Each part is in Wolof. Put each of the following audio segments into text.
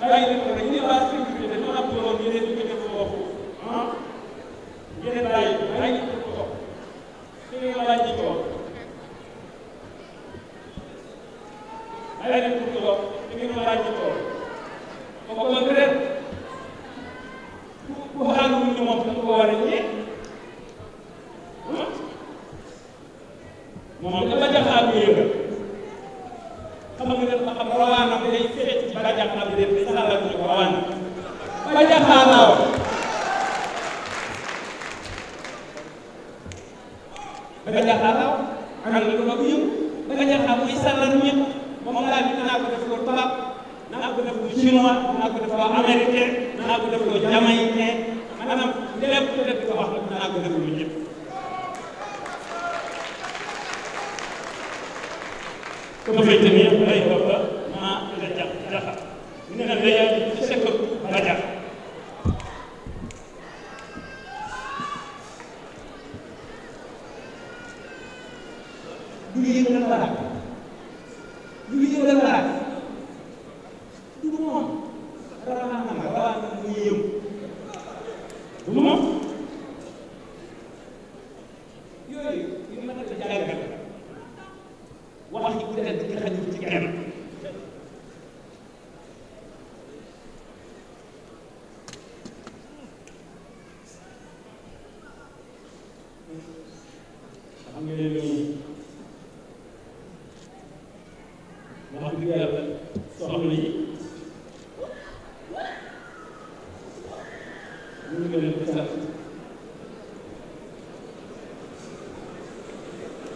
dangay def ko rek ñu ne waa sécurité dañoo am doon ñu ne ñu def ko ah ñu ne bàyyi bàyyi ko ko te nga wàññi ko bàyyi ko ko te nga wàññi ko au contraire dafay tenir ay wala ma la jax jaxa ñu ne la yàlla ci sekk ba jax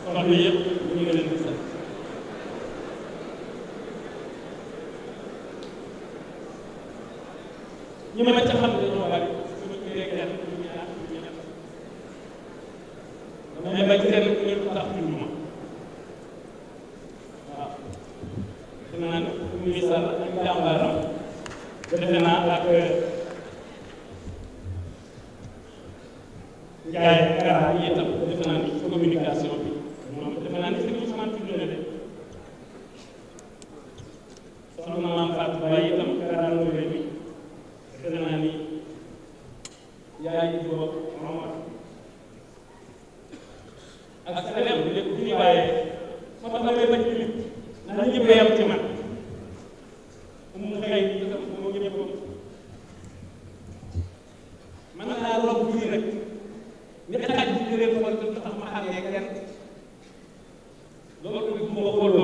soxna yëpp ñu ngi leen di sant ñi ma ca xam boobu julli nag ñu xalaat julli rek mooy tax ma xam ne kenn loolu tamit bu ma xooloon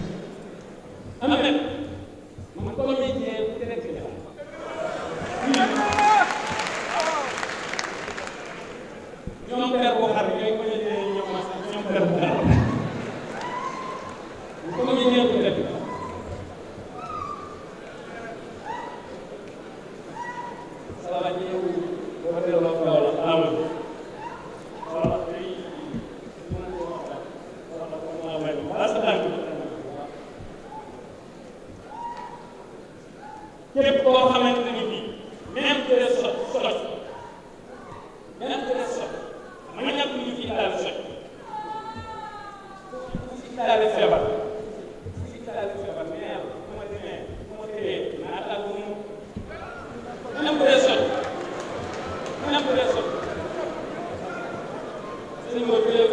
sëñ bi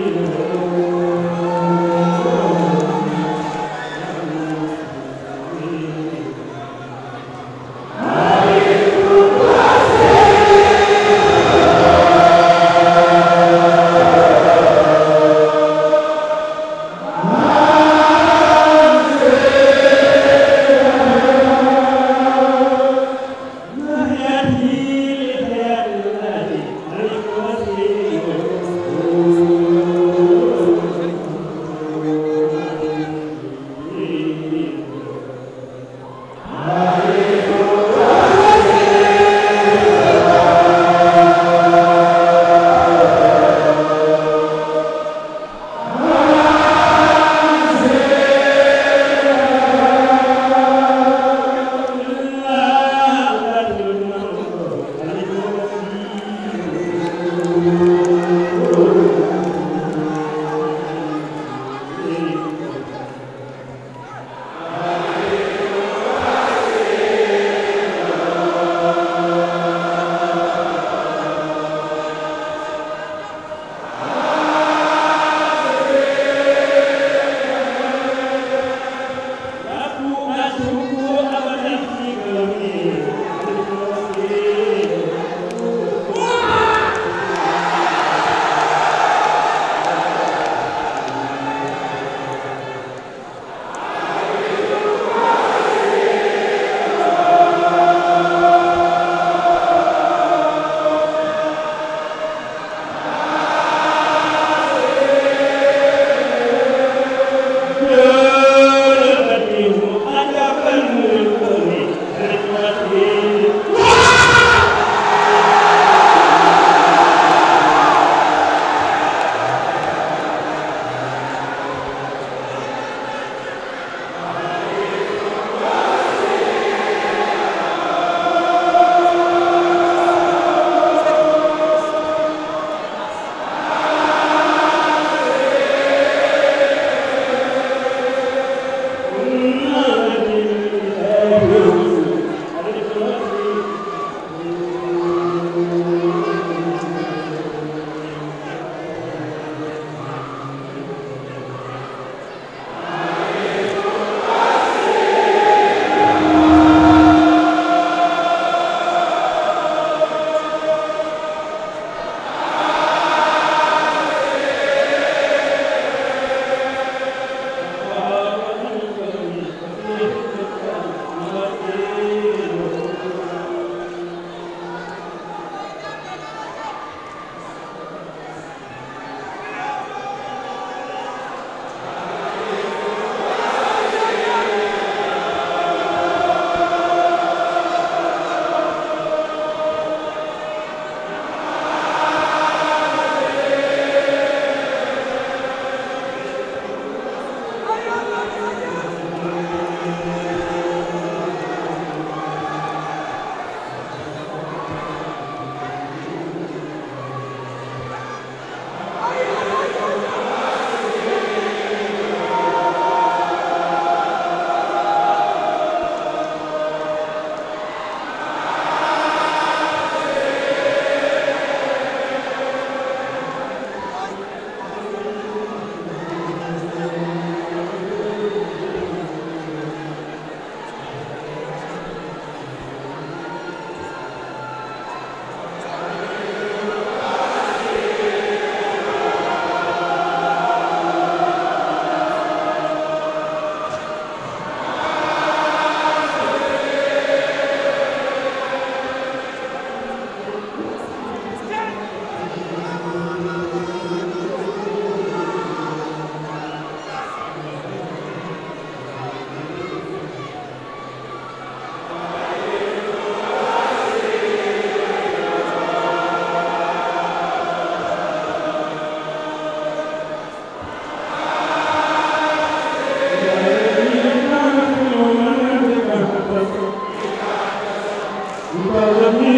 Amen.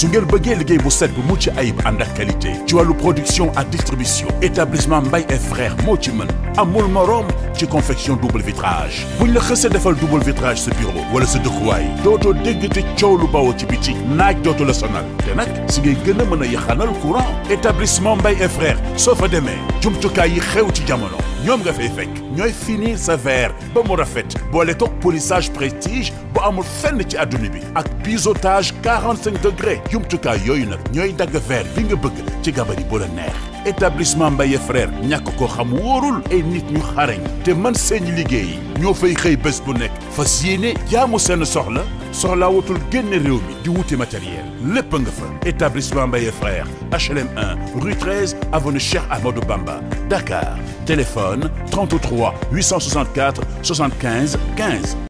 su ngeen bëggee liggéey bu set bu mucc ayib ànd ak qualité ci wàllu production ak distribution établissement Mbaye et frères moo ci mën amul morom ci confection double vitrage buñ la xësee defal double vitrage bureau wala sa dëkkuwaay dootoo dégg te coow lu bawoo ci biti naaj dootu la sonal te nag si ngay gën a mën a yaxanal courant établissement Mbaye et frères soo fa demee jumtukaay yi xew ci jamono ñoom nga fay fekk ñooy finir sa verre ba mu rafet boole toog polissage prestige bu amul fenn ci adduna bi ak biseautage 45 degré jumtukaay yooyu nag ñooy dagg verre bi nga bëgg ci gabari bu la neex établissement Mbaye frère ñàkk ko xam wóorul ay nit ñu xarañ te man seeni liggéey ñoo fay xëy bés bu nekk fas yéene jaamu seen soxla soxlaa watul génne réew mi di wuti matériel lépp nga fa établissement Mbaye frère HLM 1 rue 13 avenue Cheikh Amadou Bamba Dakar téléphone 33 864 75 15